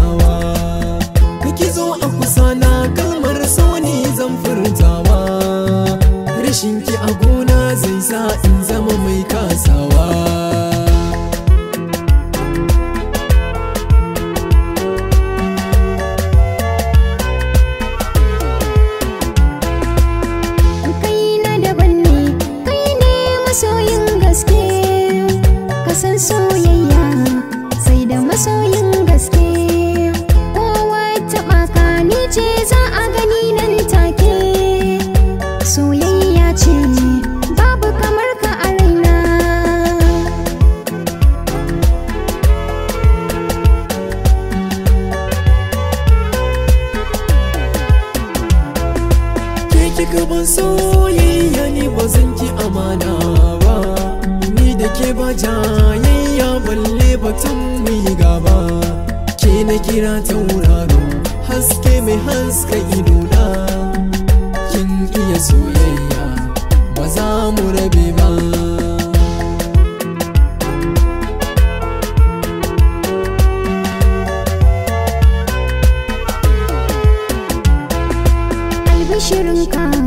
furtawa a kusa na kamar sauni zan furtawa Rashin ki a gona zai sa zama mai kasawa masoyin gaske soyayya sai da masoyin duban soyayya ne ba zan ki amana ba ni da ke ba jayayya balle batun mu gaba ke na kira ta tauraro haske mai haska na kin iya soyayya ba za mu rabe ba kan